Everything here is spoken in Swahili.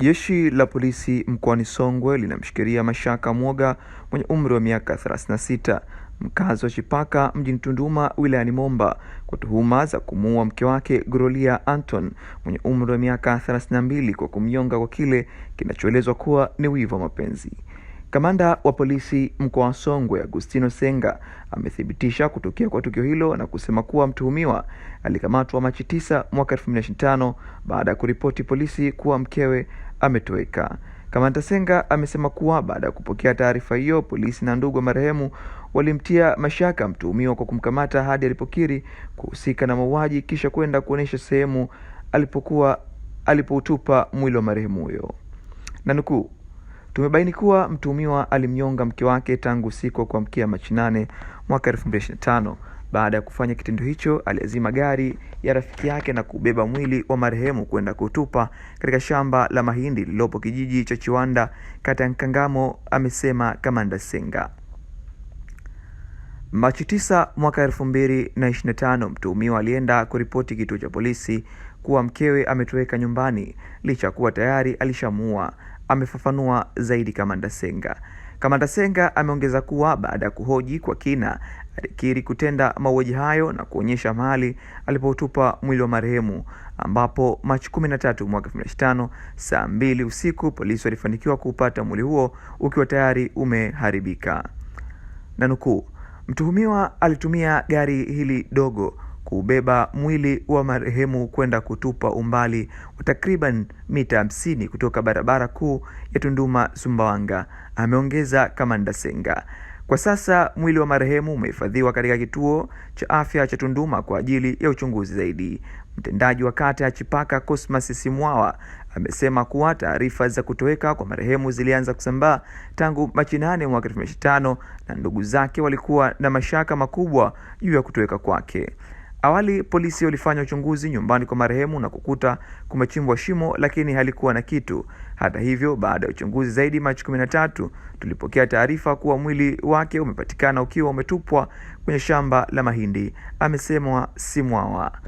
Jeshi la polisi mkoani Songwe linamshikilia Mashaka Mwoga mwenye umri wa miaka 36 mkazi wa Chipaka mjini Tunduma wilayani Momba kwa tuhuma za kumuua mke wake Gloria Anton mwenye umri wa miaka 32 kwa kumnyonga kwa kile kinachoelezwa kuwa ni wivu wa mapenzi. Kamanda wa polisi mkoa wa Songwe Agustino Senga amethibitisha kutokea kwa tukio hilo na kusema kuwa mtuhumiwa alikamatwa Machi tisa mwaka 2025 baada ya kuripoti polisi kuwa mkewe ametoweka. Kamanda Senga amesema kuwa baada ya kupokea taarifa hiyo, polisi na ndugu wa marehemu walimtia mashaka mtuhumiwa kwa kumkamata hadi alipokiri kuhusika na mauaji kisha kwenda kuonesha sehemu alipokuwa alipoutupa mwili wa marehemu huyo, na nukuu Tumebaini kuwa mtuhumiwa alimnyonga mke wake tangu usiku wa kuamkia Machi nane mwaka 2025. Baada ya kufanya kitendo hicho, aliazima gari ya rafiki yake na kubeba mwili wa marehemu kwenda kutupa katika shamba la mahindi lililopo kijiji cha Chiwanda, kata ya Nkangamo, amesema Kamanda Senga. Machi tisa mwaka 2025, mtuhumiwa alienda kuripoti kituo cha polisi kuwa mkewe ametoweka nyumbani licha kuwa tayari alishamua amefafanua zaidi Kamanda Senga. Kamanda Senga ameongeza kuwa baada ya kuhoji kwa kina, alikiri kutenda mauaji hayo na kuonyesha mahali alipotupa mwili wa marehemu, ambapo Machi 13 mwaka 2025 saa mbili usiku polisi walifanikiwa kuupata mwili huo ukiwa tayari umeharibika. Na nukuu, mtuhumiwa alitumia gari hili dogo kubeba mwili wa marehemu kwenda kutupa umbali wa takriban mita hamsini kutoka barabara kuu ya Tunduma Sumbawanga, ameongeza Kamanda Senga. Kwa sasa mwili wa marehemu umehifadhiwa katika kituo cha afya cha Tunduma kwa ajili ya uchunguzi zaidi. Mtendaji wa kata ya Chipaka, Cosmas Simwawa, amesema kuwa taarifa za kutoweka kwa marehemu zilianza kusambaa tangu Machi nane mwaka tano na ndugu zake walikuwa na mashaka makubwa juu ya kutoweka kwake. Awali polisi walifanya uchunguzi nyumbani kwa marehemu na kukuta kumechimbwa shimo lakini halikuwa na kitu. Hata hivyo, baada ya uchunguzi zaidi, Machi kumi na tatu tulipokea taarifa kuwa mwili wake umepatikana ukiwa umetupwa kwenye shamba la mahindi, amesema Simwawa.